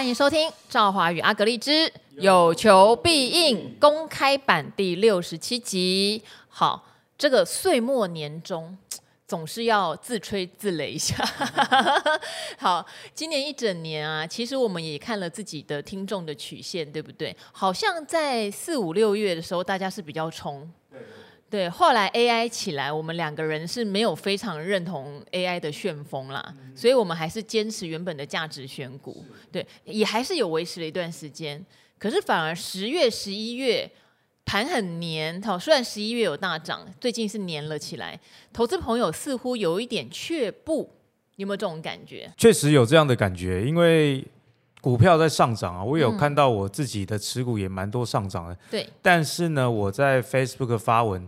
歡迎收聽趙華與阿格力之有求必應公開版第六十七集。好，這個歲末年終，總是要自吹自擂一下。嗯嗯 好，今年一整年啊，其實我們也看了自己的聽眾的曲線，對不對？好像在四五六月的時候，大家是比較衝。對，後來 AI 起來，我們兩個人是沒有非常認同 AI 的旋風啦，嗯，所以我們還是堅持原本的價值選股。是對，也還是有維持了一段時間，可是反而十月、十一月盤很粘，好，雖然十一月有大漲，最近是粘了起來。投資朋友似乎有一點卻步，有沒有這種感覺？確實有這樣的感覺，因為。股票在上漲啊，我有看到我自己的持股也蠻多上漲的。嗯、對。但是呢，我在 Facebook 發文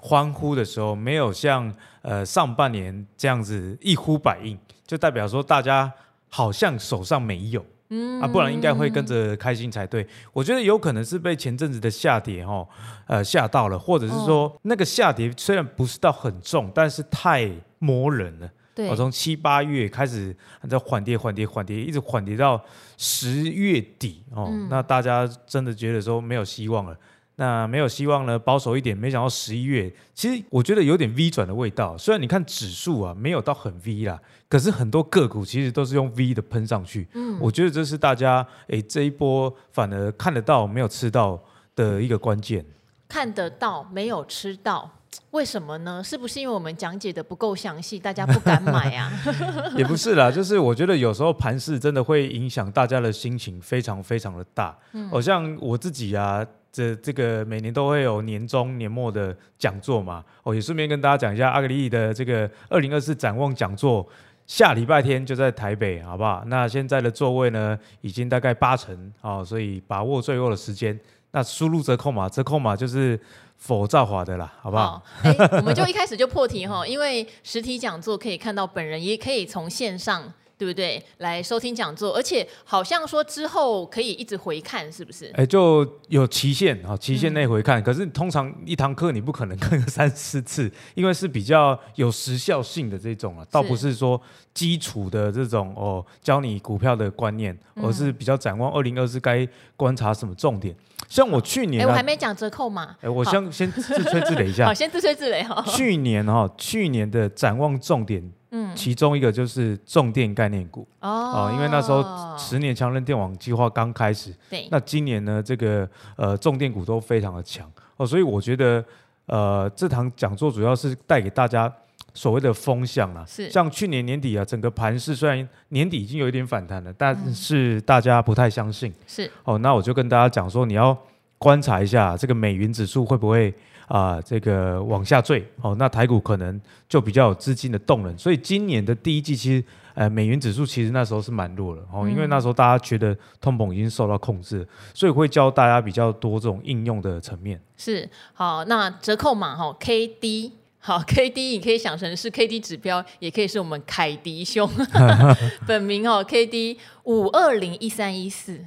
歡呼的時候，沒有像呃上半年這樣子一呼百應，就代表說大家好像手上沒有，嗯啊，不然應該會跟着開心才對。我覺得有可能是被前陣子的下跌哦，呃嚇到了，或者是說、哦、那個下跌雖然不是到很重，但是太磨人了。我對、哦、從七八月開始在緩跌，緩跌，緩跌，一直緩跌到十月底哦。嗯、那大家真的覺得說沒有希望了，那沒有希望呢，保守一點。沒想到十一月，其實我覺得有點 V 轉的味道。雖然你看指數啊沒有到很 V 啦，可是很多個股其實都是用 V 的噴上去。嗯，我覺得這是大家哎這一波反而看得到沒有吃到的一個關鍵。嗯、看得到沒有吃到？為什麼呢？是不是因為我們講解的不夠詳細，大家不敢買啊？ 也不是啦，就是我覺得有時候盤勢真的會影響大家的心情，非常非常的大。我、嗯哦、像我自己啊，這這個每年都會有年終年末的講座嘛。哦，也順便跟大家講一下阿格力的這個二零二四展望講座，下禮拜天就在台北，好不好？那現在的座位呢，已經大概八成，啊、哦。所以把握最後的時間。那輸入折扣碼，折扣碼就是。否造化的啦，好不好？哎、欸，我們就一開始就破題哈、哦， 因為實體講座可以看到本人，也可以從線上，對不對？來收聽講座，而且好像說之後可以一直回看，是不是？哎、欸，就有期限啊，期限內回看。嗯、可是通常一堂課你不可能看個三四次，因為是比較有時效性的這種啊，是倒不是說基礎的這種哦，教你股票的觀念，而是比較展望二零二四該觀察什麼重點。像我去年、啊，我還沒講折扣嘛。哎，我先先好自吹自擂一下。 好，先自吹自擂哈。去年哈、啊，去年的展望重點，嗯，其中一個就是重電概念股哦，因為那時候十年強韌電網計劃剛開始。對。那今年呢，這個呃重電股都非常的強哦，所以我覺得呃這堂講座主要是帶給大家。所謂的風向啊，是像去年年底啊，整個盤勢雖然年底已經有一點反彈了，但是大家不太相信。嗯、是哦，那我就跟大家講說，你要觀察一下、啊、這個美元指數會不會啊、呃，這個往下墜。哦，那台股可能就比較有資金的動能。所以今年的第一季，其實呃，美元指數其實那時候是蠻弱的哦，嗯、因為那時候大家覺得通膨已經受到控制，所以會教大家比較多這種應用的層面。是好，那折扣碼哈 KD。哦 K D 好，K D 你可以想成是 K D 指標，也可以是我們凱迪兄 本名哦，K D 五二零一三一四，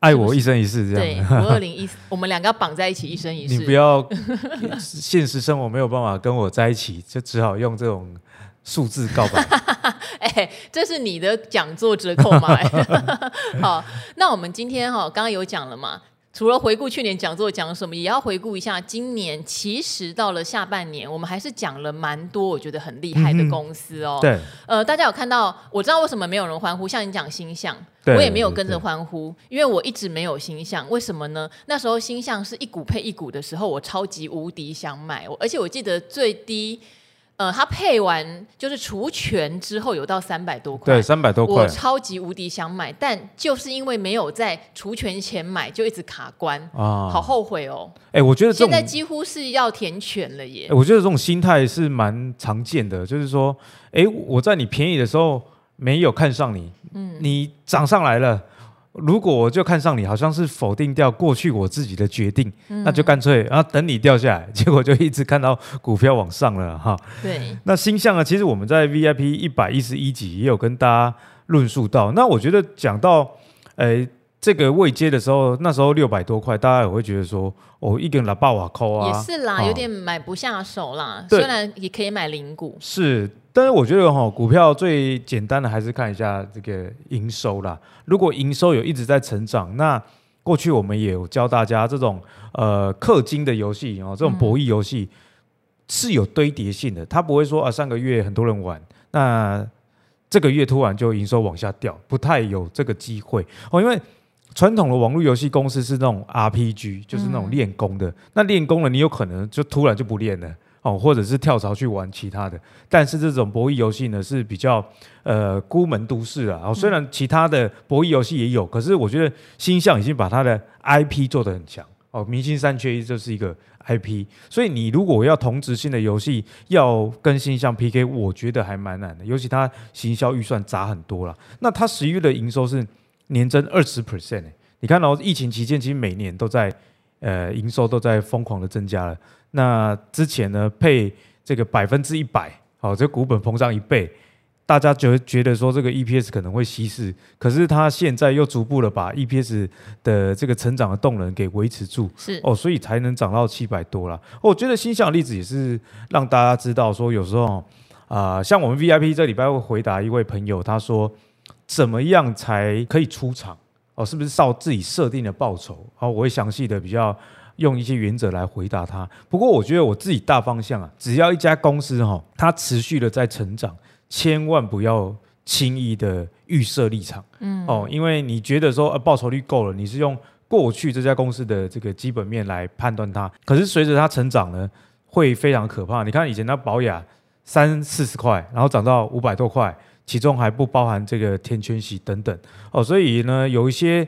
愛我一生一世這樣。是是對，五二零一， 我們兩個要綁在一起一生一世。你不要，現實生活沒有辦法跟我在一起， 就只好用這種數字告白。哎、 欸，這是你的講座折扣嗎？ 好，那我們今天哈，剛剛有講了嘛？除了回顧去年講座講什麼，也要回顧一下今年。其實到了下半年，我們還是講了蠻多，我覺得很厲害的公司哦。嗯、對，呃，大家有看到？我知道為什麼沒有人歡呼？像你講鈊象，對我也沒有跟着歡呼，對對因為我一直沒有鈊象。為什麼呢？那時候鈊象是一股配一股的時候，我超級無敵想買，而且我記得最低。呃，他配完就是除權之後有到三百多塊，對，三百多塊，我超級無敵想買，但就是因為沒有在除權前買，就一直卡關啊，好後悔哦。哎、欸，我覺得現在幾乎是要填權了耶、欸。我覺得這種心態是蠻常見的，就是說，哎、欸，我在你便宜的時候沒有看上你，嗯，你漲上來了。如果我就看上你，好像是否定掉過去我自己的決定，嗯、那就乾脆，啊。等你掉下來，結果就一直看到股票往上了哈。對，那鈊象啊，其實我們在 VIP 一百一十一集也有跟大家論述到。那我覺得講到，誒、欸。這個位階的時候，那時候六百多塊，大家也會覺得說哦，一點喇！」爆瓦扣啊，也是啦，哦、有點買不下手啦。對雖然也可以買零股。是，但是我覺得吼、哦、股票最簡單的還是看一下這個營收啦。如果營收有一直在成長，那過去我們也有教大家這種呃氪金的遊戲啊、哦，這種博弈遊戲是有堆疊性的，他、嗯、不會說啊上個月很多人玩，那這個月突然就營收往下掉，不太有這個機會哦，因為。傳統的網絡遊戲公司是那種 RPG，就是那種練功的。那練功了，你有可能就突然就不練了哦，或者是跳槽去玩其他的。但是這種博弈遊戲呢，是比較呃孤門獨市啊。哦，雖然其他的博弈遊戲也有，可是我覺得鈊象已經把它的 IP 做得很強哦。明星三缺一就是一個 IP，所以你如果要同質性的遊戲要跟鈊象 PK，我覺得還蠻難的，尤其他行銷預算砸很多啦。那它十一月的營收是。年增二十 percent，你看到、哦、疫情期間其實每年都在，呃，營收都在瘋狂的增加了。那之前呢，配這個百分之一百，好、哦，這股本膨脹一倍，大家覺覺得說這個 EPS 可能會稀釋，可是它現在又逐步的把 EPS 的這個成長的動能給維持住，是哦，所以才能漲到七百多了。我覺得鈊象例子也是讓大家知道說，有時候啊、呃，像我們 VIP 這禮拜會回答一位朋友，他說。怎麼樣才可以出場哦？是不是照自己設定的報酬？好、哦，我會詳細的比較用一些原則來回答他。不過我覺得我自己大方向啊，只要一家公司哈、哦，它持續的在成長，千萬不要輕易的預設立場。嗯，哦，因為你覺得說呃、啊、報酬率夠了，你是用過去這家公司的這個基本面來判斷它。可是隨着它成長呢，會非常可怕。你看以前那寶雅三四十塊，然後漲到五百多塊。其中還不包含這個填權息等等哦，所以呢，有一些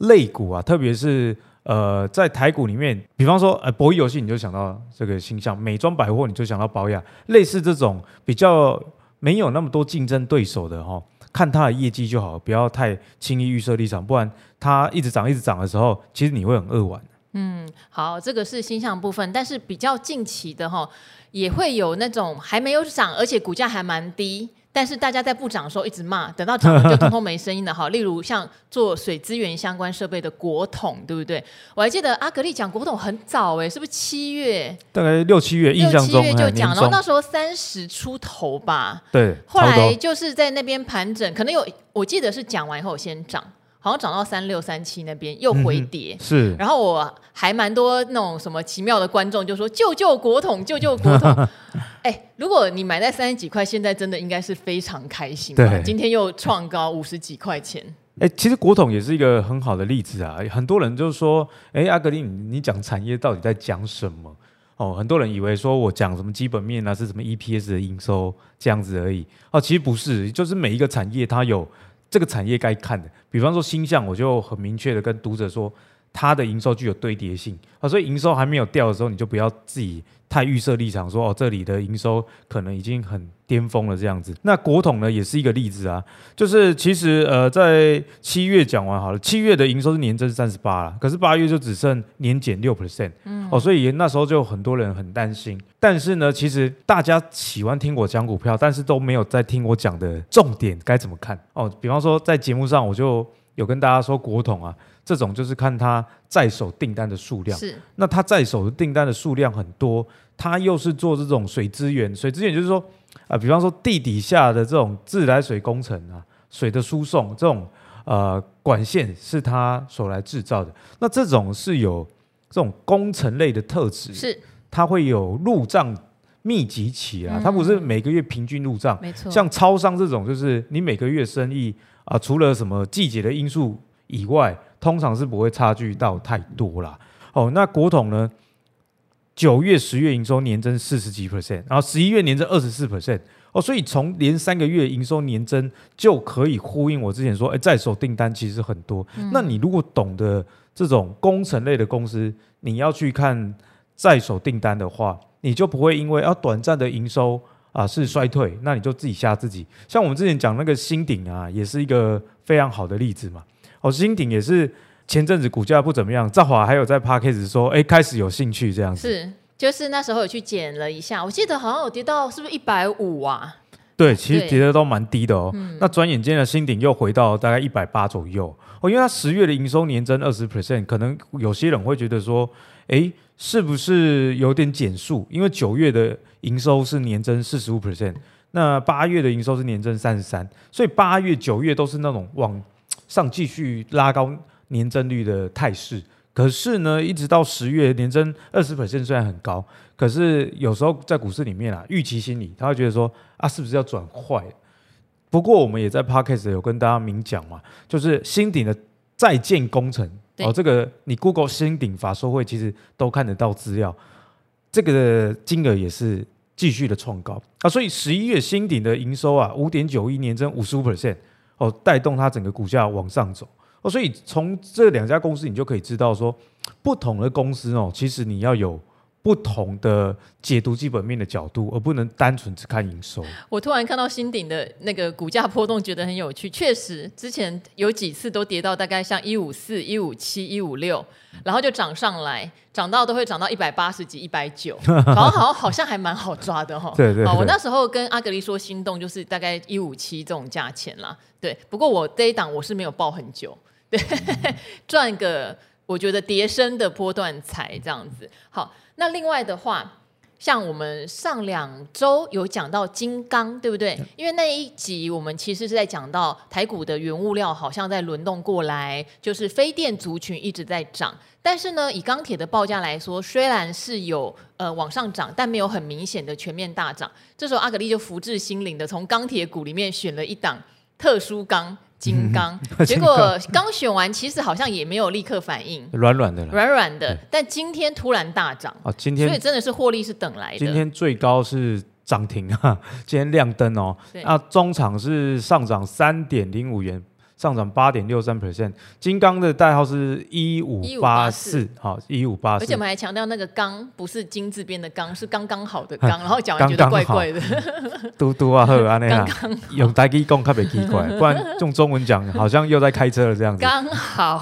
類股啊，特別是呃，在台股裡面，比方說，呃，博弈遊戲你就想到這個鈊象，美妝百貨你就想到寶雅，類似這種比較沒有那麼多競爭對手的哈、哦，看它的業績就好，不要太輕易預設立場，不然它一直漲一直漲的時候，其實你會很扼腕。嗯，好，這個是鈊象部分，但是比較近期的哈、哦，也會有那種還沒有漲，而且股價還蠻低。但是大家在不漲的時候一直罵，等到漲了就通通沒聲音了哈。 例如像做水資源相關設備的國統，對不對？我還記得阿格力講國統很早哎、欸，是不是七月？大概六七月，印象中六七月就講了，然後那時候三十出頭吧。對，後來就是在那邊盤整，可能有我記得是講完以後先漲。好像漲到三六三七那邊又回跌，嗯、是。然後我還蠻多那種什麼奇妙的觀眾就說：“救救國統，救救國統。” 哎，如果你買在三十幾塊，現在真的應該是非常開心。對，今天又創高五十幾塊錢。哎，其實國統也是一個很好的例子啊。很多人就是說：“哎，阿格力，你講產業到底在講什麼？”哦，很多人以為說我講什麼基本面啊，是什麼 EPS 的營收這樣子而已。哦，其實不是，就是每一個產業它有。這個產業該看的，比方說鈊象，我就很明確的跟讀者說，它的營收具有堆疊性啊，所以營收還沒有掉的時候，你就不要自己太預設立場，說哦這裡的營收可能已經很巔峰了這樣子。那國統呢也是一個例子啊，就是其實呃在七月講完好了，七月的營收是年增三十八了，可是八月就只剩年減六 percent，哦，所以那時候就很多人很擔心。但是呢，其實大家喜歡聽我講股票，但是都沒有在聽我講的重點該怎麼看哦。比方說在節目上我就有跟大家說國統啊。這種就是看他在手訂單的數量，是。那他在手的訂單的數量很多，他又是做這種水資源，水資源就是說，啊、呃，比方說地底下的這種自來水工程啊，水的輸送這種，呃，管線是他所來製造的。那這種是有這種工程類的特質，是。它會有入賬密集期啊，嗯、它不是每個月平均入賬，沒錯。像超商這種，就是你每個月生意啊、呃，除了什麼季節的因素。以外，通常是不會差距到太多啦。哦，那國統呢？九月、十月營收年增四十幾 percent，然後十一月年增二十四 percent。哦，所以從連三個月營收年增就可以呼應我之前說，誒、欸，在手訂單其實很多。嗯、那你如果懂得這種工程類的公司，你要去看在手訂單的話，你就不會因為要短啊短暫的營收啊是衰退，那你就自己嚇自己。像我們之前講那個新鼎啊，也是一個非常好的例子嘛。哦，新鼎也是前陣子股價不怎麼樣，這會還有在 Podcast 說，哎、欸，開始有興趣這樣子。是，就是那時候有去撿了一下，我記得好像有跌到是不是一百五啊？對，其實跌的都蠻低的哦。嗯、那轉眼間的新鼎又回到大概一百八左右。哦，因為它十月的營收年增二十 percent，可能有些人會覺得說，哎、欸，是不是有點減速？因為九月的營收是年增四十五 percent，那八月的營收是年增三十三，所以八月、九月都是那種旺。上繼續拉高年增率的態勢，可是呢，一直到十月年增二十 percent 雖然很高，可是有時候在股市裡面啊，預期心理他會覺得說啊，是不是要轉壞？不過我們也在 Podcast 有跟大家明講嘛，就是新鼎的在建工程哦，這個你 Google 新鼎法說會其實都看得到資料，這個的金額也是繼續的創高啊，所以十一月新鼎的營收啊五點九億年增五十五 percent。哦，帶動它整個股價往上走哦，所以從這兩家公司，你就可以知道說，不同的公司哦，其實你要有。不同的解讀基本面的角度，而不能單純只看營收。我突然看到新鼎的那個股價波動，覺得很有趣。確實，之前有幾次都跌到大概像一五四、一五七、一五六，然後就漲上來，漲到都會漲到一百八十幾、一百九，好像好像好像還蠻好抓的哈、哦。 對對，對，我那時候跟阿格力說心動就是大概一五七這種價錢啦。對，不過我這一檔我是沒有抱很久，對嗯、 賺個。我覺得疊升的波段才這樣子好。那另外的話，像我們上兩週有講到精剛，對不對？嗯、因為那一集我們其實是在講到台股的原物料好像在輪動過來，就是非電族群一直在漲。但是呢，以鋼鐵的報價來說，雖然是有呃往上漲，但沒有很明顯的全面大漲。這時候阿格力就福至心靈的從鋼鐵股裡面選了一檔特殊鋼。精剛，嗯、結果剛選完，其實好像也沒有立刻反應，軟軟，軟軟的，軟軟的。但今天突然大漲，啊，今天，所以真的是獲利是等來的。今天最高是漲停啊，今天亮燈哦，那對、啊、中場是上漲三點零五元。上漲八點六三 percent，精剛的代號是一五八四，好一五八四。而且我們還強調那個“剛”不是金字邊的“剛”，是剛剛好的“剛呵”。然後講完覺得怪怪的。嘟嘟啊呵啊那樣，用台機講特別奇怪，不然用中文講好像又在開車了這樣子。剛好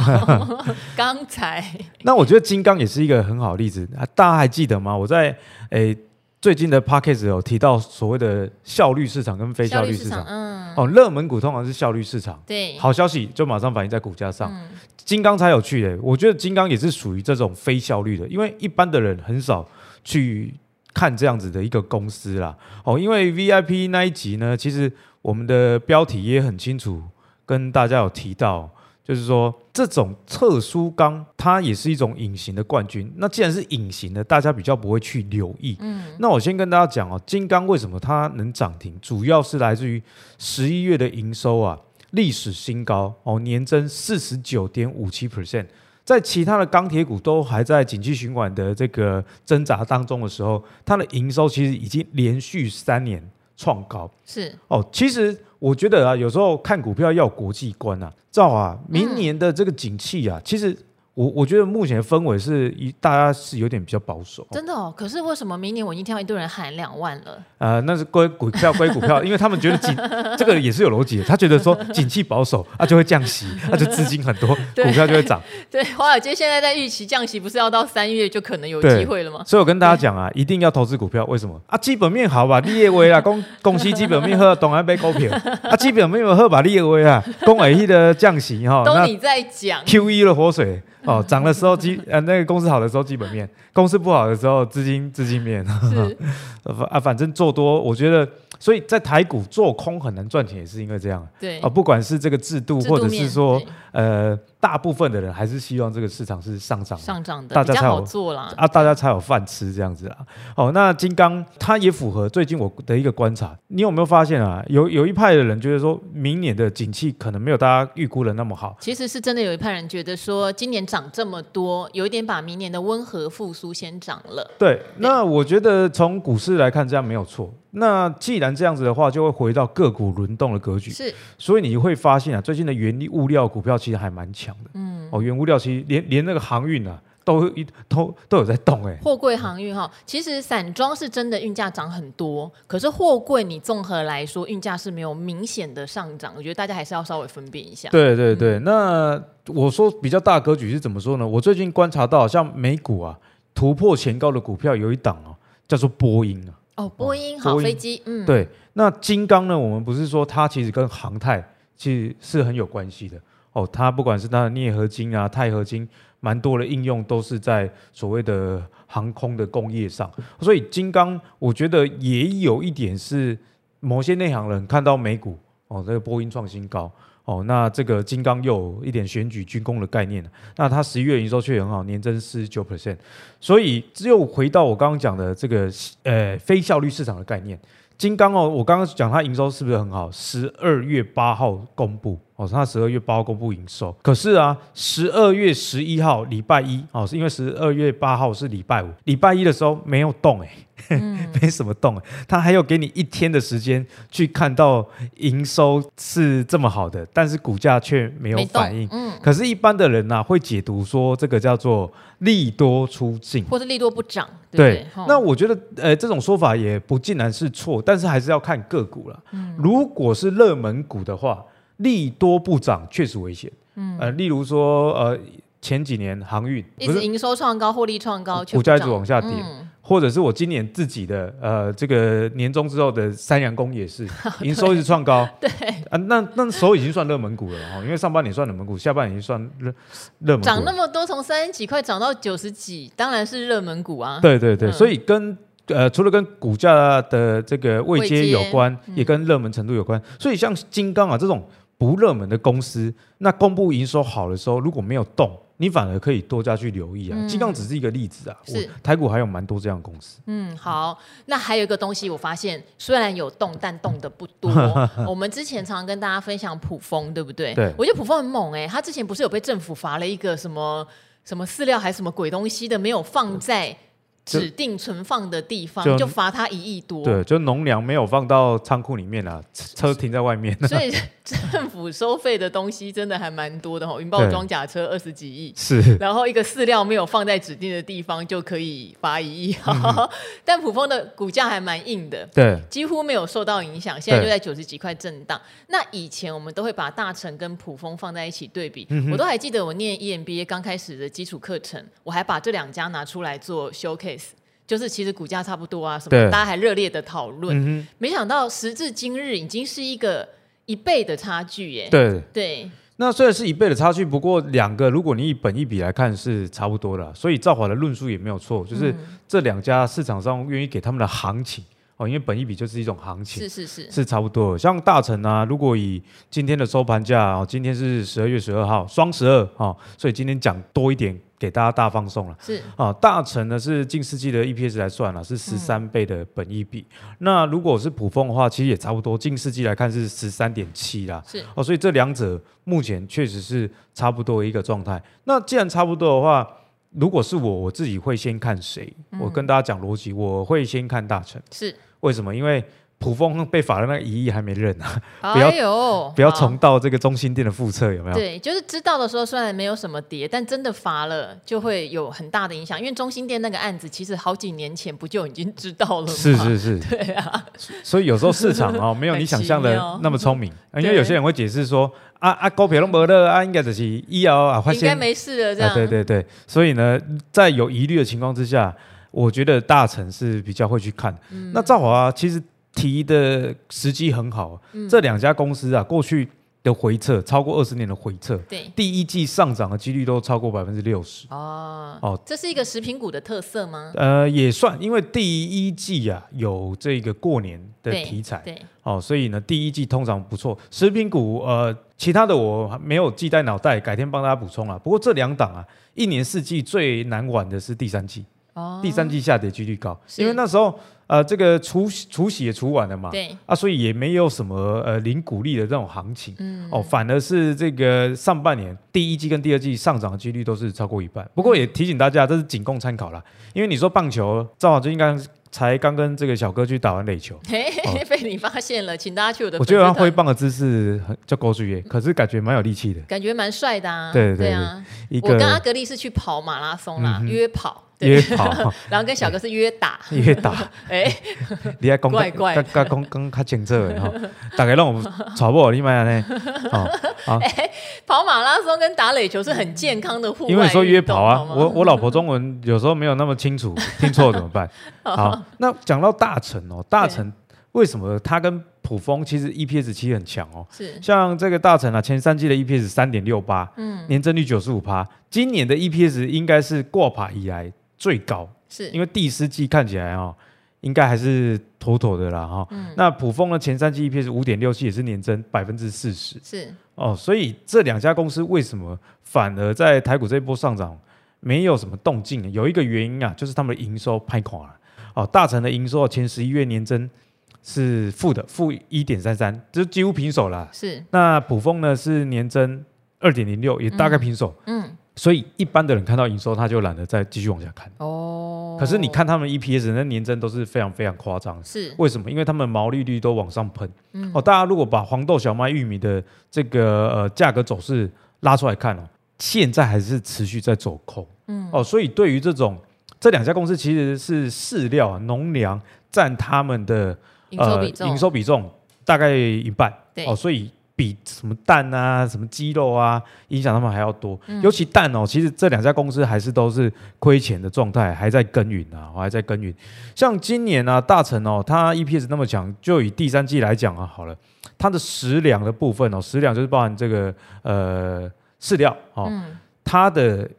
剛才， 剛才那我覺得精剛也是一個很好的例子，大家還記得嗎？我在誒。最近的 Podcast 有提到所謂的效率市場跟非效率市場，效率市場，嗯，哦，熱門股通常是效率市場，對，好消息就馬上反映在股價上。嗯，精剛才有趣耶，我覺得精剛也是屬於這種非效率的，因為一般的人很少去看這樣子的一個公司啦。哦，因為 VIP 那一集呢，其實我們的標題也很清楚跟大家有提到，就是說。這種特殊鋼，它也是一種隱形的冠軍。那既然是隱形的，大家比較不會去留意。嗯，那我先跟大家講哦，精剛為什麼它能漲停，主要是來自於十一月的營收啊，歷史新高哦，年增四十九點五七 percent。在其他的鋼鐵股都還在景氣循環的這個掙扎當中的時候，它的營收其實已經連續三年創高。是哦，其實。我覺得啊，有時候看股票要國際觀啊，照啊，明年的這個景氣啊，嗯、其實。我我覺得目前的氛圍是一大家是有點比較保守，真的哦。可是為什麼明年我已經聽到一堆人喊兩萬了？呃，那是歸股票歸股票，因為他們覺得景 這個也是有邏輯的，他覺得說景氣保守，那、啊、就會降息，那、啊、就資金很多， 股票就會漲。對，華爾街現在在預期降息，不是要到三月就可能有機會了嗎？所以我跟大家講啊，對一定要投資股票，為什麼啊？基本面好吧，利業威啊，公司基本面喝董安杯股票，啊，基本面有喝吧利業威啊，恭喜的降息哈。 都你在講 Q E 的活水。哦，漲的時候基呃、 啊、那個公司好的時候基本面，公司不好的時候資金資金面，是啊，反正做多，我覺得。所以在台股做空很難賺錢，也是因為這樣，對。對啊，不管是這個制度，或者是說，呃，大部分的人還是希望這個市場是上漲，上漲的，大家才有，好做啦啊，大家才有飯吃這樣子啊。好，那精剛他也符合最近我的一個觀察。你有沒有發現啊？有有一派的人覺得說，明年的景氣可能沒有大家預估的那麼好。其實是真的，有一派人覺得說，今年漲這麼多，有一點把明年的溫和復甦先漲了。對，對那我覺得從股市來看，這樣沒有錯。那既然這樣子的話，就會回到個股輪動的格局。是，所以你會發現啊，最近的原物料股票其實還蠻強的。嗯，哦，原物料其實連連那個航運啊，都一都都有在動哎。貨櫃航運哈，嗯、其實散裝是真的運價漲很多，可是貨櫃你綜合來說運價是沒有明顯的上漲。我覺得大家還是要稍微分辨一下。對對對，嗯、那我說比較大格局是怎麼說呢？我最近觀察到，好像美股啊突破前高的股票有一檔啊、哦，叫做波音啊。哦，oh, 波音，波音好飛機機，對嗯，對，那精剛呢？我們不是說它其實跟航太其實是很有關係的哦。它不管是它的鎳合金啊、鈦合金，蠻多的應用都是在所謂的航空的工業上。所以精剛，我覺得也有一點是某些內行人看到美股哦，這個波音創新高。哦，那這個精剛又有一點選舉軍工的概念，那它十一月營收確實很好，年增是四十九 percent，所以只有回到我剛剛講的這個呃非效率市場的概念。精剛哦，我剛剛講它營收是不是很好？十二月八號公布。哦，他十二月八號公布營收，可是啊，十二月十一號禮拜一，哦，是因為十二月八號是禮拜五，禮拜一的時候沒有動、欸，哎、嗯，沒什麼動、欸，他還有給你一天的時間去看到營收是這麼好的，但是股價卻沒有反應。嗯、可是一般的人啊，會解讀說這個叫做利多出盡，或是利多不漲。對，不對，對，那我覺得，呃，這種說法也不盡然是錯，但是還是要看個股了。嗯、如果是熱門股的話。利多不漲確實危險，呃，例如說呃前幾年航運一直營收創高、獲利創高，股價一直往下跌，或者是我今年自己的呃這個年終之後的三陽工也是營收一直創高，對啊，那那時候已經算熱門股了哦，因為上半年算熱門股，下半年算熱熱門。漲那麼多，從三十幾塊漲到九十幾，當然是熱門股啊。對對對，所以跟呃除了跟股價的這個位階有關，也跟熱門程度有關。所以像精剛啊這種。不熱門的公司，那公布營收好的時候，如果沒有動，你反而可以多加去留意啊。精剛、嗯、只是一個例子啊，我是台股還有蠻多這樣的公司。嗯，好，那還有一個東西我發現，雖然有動，但動的不多。 我們之前常常跟大家分享卜蜂，對不對？對，我覺得卜蜂很猛誒、欸，他之前不是有被政府罰了一個什麼什麼飼料還是什麼鬼東西的，沒有放在。指定存放的地方就罰他一億多，對，就農糧沒有放到倉庫裡面啊，車停在外面啊。所以政府收費的東西真的還蠻多的齁，雲豹裝甲車二十幾億是，對然後一個飼料沒有放在指定的地方就可以罰一億，但卜蜂的股價還蠻硬的，對，幾乎沒有受到影響，現在就在九十幾塊震盪。對那以前我們都會把大成跟卜蜂放在一起對比，嗯、哼我都還記得我念 EMBA 剛開始的基礎課程，我還把這兩家拿出來做 showcase。就是其實股價差不多啊，什麼對大家還熱烈的討論，嗯、哼沒想到時至今日已經是一個一倍的差距耶。對對，對，那雖然是一倍的差距，不過兩個如果你以本益比來看是差不多的，所以趙華的論述也沒有錯，就是這兩家市場上願意給他們的行情。嗯哦，因為本益比就是一種行情，是是是，是差不多。像大成啊，如果以今天的收盤價啊，今天是十二月十二號，雙十二啊，所以今天講多一點，給大家大放送了。是啊、哦，大成呢是近四季的 EPS 來算了，是十三倍的本益比。嗯、那如果是卜蜂的話，其實也差不多，近四季來看是十三點七啦。是哦，所以這兩者目前確實是差不多一個狀態。那既然差不多的話。如果是我，我自己會先看誰？嗯、我跟大家講邏輯，我會先看大成。是。為什麼？因為。普豐被罰的那個疑義還沒認呢、啊，好不要、哎、不要重蹈這個中心店的覆轍，有沒有？對，就是知道的時候雖然沒有什麼跌，但真的罰了就會有很大的影響。因為中心店那個案子其實好幾年前不就已經知道了嗎？是是是，對啊，所以有時候市場哦，沒有你想象的那麼聰明。 妙因為有些人會解釋說對啊票都沒了啊高皮龍伯樂啊應該只是醫藥啊應該沒事了這樣，啊、對，對對對。所以呢，在有疑慮的情況之下，我覺得大成是比較會去看。嗯、那兆華、啊、其實。提的時機很好，嗯、這兩家公司啊，過去的回測超過二十年的回測，對第一季上漲的幾率都超過百分之六十。哦哦，哦這是一個食品股的特色嗎？呃，也算，因為第一季啊有這個過年的題材，哦，所以呢第一季通常不錯。食品股呃，其他的我還沒有記在腦袋，改天幫大家補充啊。不過這兩檔啊，一年四季最難玩的是第三季。第三季下跌幾率高，是因為那時候呃，這個除除息也除完了嘛，對，啊，所以也沒有什麼呃領股利的這種行情，嗯、哦，反而是這個上半年第一季跟第二季上漲的幾率都是超過一半。不過也提醒大家，這是僅供參考啦，因為你說棒球，正好就應該才剛跟這個小哥去打完壘球，欸哦、被你發現了，請大家去我的。我覺得他揮棒的姿勢叫高樹葉，可是感覺蠻有力氣的，感覺蠻帥的啊，對對，對，對啊，個我跟阿格力是去跑馬拉松啦，嗯、哼約跑。約跑，然後跟小哥是約打，約打，哎，你還講怪怪的，剛剛看卡精緻的哈，大概讓我們吵不？你們呢？好，好，哎，跑馬拉松跟打壘球是很健康的戶外運動，因為說約跑啊，我我老婆中文有時候沒有那麼清楚，聽錯了怎麼辦？好，那講到大成哦，大成為什麼他跟卜蜂其實 EPS 其實很強哦，是像這個大成啊，前三季的 EPS 三點六八，嗯，年增率九十五%，今年的 EPS 應該是掛牌以來。最高是因為第四季看起來哦，應該還是妥妥的啦哈、哦。嗯、那普峰的前三季 EPS 五點六七，也是年增百分之四十。是哦，所以這兩家公司為什麼反而在台股這一波上漲沒有什麼動靜呢？有一個原因啊，就是他們的營收拍垮了。哦，大成的營收前十一月年增是負的，負一點三三，就幾乎平手了。是，那普峰呢是年增二點零六，也大概平手。嗯。嗯所以一般的人看到營收，他就懶得再繼續往下看。哦。可是你看他們 E P S 那年增都是非常非常誇張。是。為什麼？因為他們毛利率都往上噴。嗯、哦，大家如果把黃豆、小麥、玉米的這個呃價格走勢拉出來看哦，現在還是持續在走空。嗯、哦，所以對於這種這兩家公司，其實是飼料、啊、農糧佔他們的呃營收比重、呃、營收比重大概一半。對。哦，所以。比什麼蛋啊、什麼肌肉啊，影響他們還要多。嗯、尤其蛋哦，其實這兩家公司還是都是虧錢的狀態，還在耕耘啊，還在耕耘。像今年啊，大成哦，它 EPS 那麼強，就以第三季來講啊，好了，它的食糧的部分哦，食糧就是包含這個呃飼料哦，它、嗯、的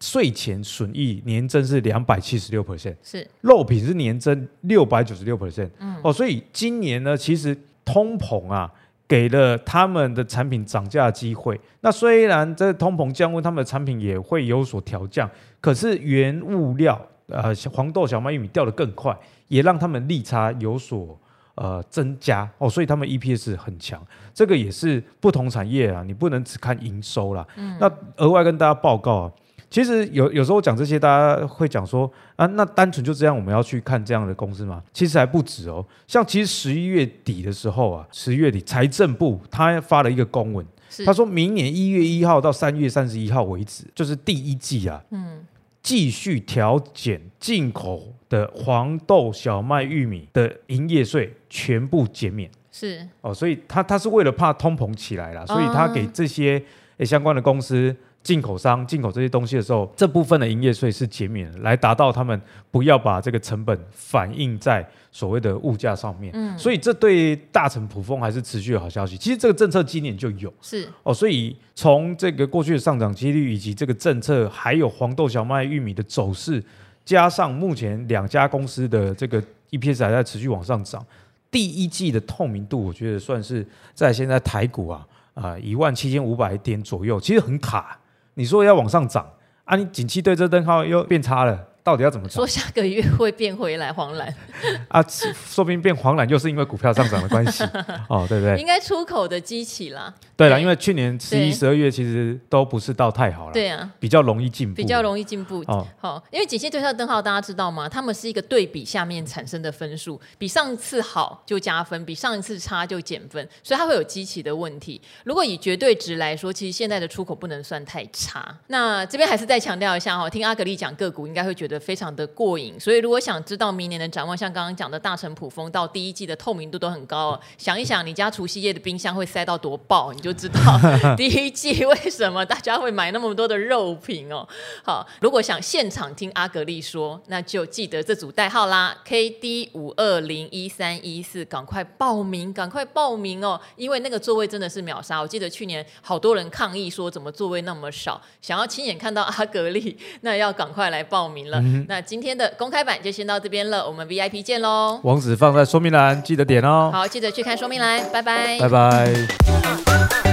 稅前損益年增是兩百七十六 percent，是肉品是年增六百九十六 percent，哦，所以今年呢，其實通膨啊。給了他們的產品漲價機會。那雖然在通膨降溫，他們的產品也會有所調降，可是原物料，呃，黃豆、小麥、玉米掉得更快，也讓他們利差有所呃增加哦，所以他們 EPS 很強。這個也是不同產業啊，你不能只看營收啦，嗯、那額外跟大家報告啊。其實有有時候講這些，大家會講說啊，那單純就這樣，我們要去看這樣的公司嗎？其實還不止哦。像其實十一月底的時候啊，十月底財政部他發了一個公文，是他說明年一月一號到三月三十一號為止，就是第一季啊，嗯，繼續調減進口的黃豆、小麥、玉米的營業稅全部減免。是哦，所以他他是為了怕通膨起來了，所以他給這些、嗯、誒相關的公司。進口商進口這些東西的時候，這部分的營業稅是減免，來達到他們不要把這個成本反映在所謂的物價上面。嗯，所以這對大成卜蜂還是持續的好消息。其實這個政策今年就有，是哦，所以從這個過去的上漲幾率，以及這個政策，還有黃豆、小麥、玉米的走勢，加上目前兩家公司的這個 EPS 還在持續往上漲，第一季的透明度，我覺得算是在現在台股啊啊一萬七千五百點左右，其實很卡。你說要往上漲，啊，你景氣對這燈號又變差了。到底要怎麼走？說不定下個月會變回來黃藍 啊，說不定變黃藍就是因為股票上漲的關係 哦，對不對？應該出口的基期啦。對啦，欸、因為去年十一對、十二月其實都不是到太好了。對啊，比較容易進步，比較容易進步哦。好，因為景氣對策燈號大家知道嗎？他們是一個對比下面產生的分數，比上一次好就加分，比上一次差就減分，所以它會有基期的問題。如果以絕對值來說，其實現在的出口不能算太差。那這邊還是再強調一下哦，聽阿格力講個股，應該會覺得。非常的過癮，所以如果想知道明年的展望，像剛剛講的大成普風到第一季的透明度都很高，哦，想一想你家除夕夜的冰箱會塞到多爆，你就知道第一季為什麼大家會買那麼多的肉品哦。好，如果想現場聽阿格力說，那就記得這組代號啦，KD 五二零一三一四，14, 趕快報名，趕快報名哦，因為那個座位真的是秒殺。我記得去年好多人抗議說怎麼座位那麼少，想要親眼看到阿格力，那要趕快來報名了。嗯那今天的公開版就先到這邊了，我們 VIP 見嘍。網址放在說明欄，記得點哦。好，記得去看說明欄，拜拜。拜拜。拜拜。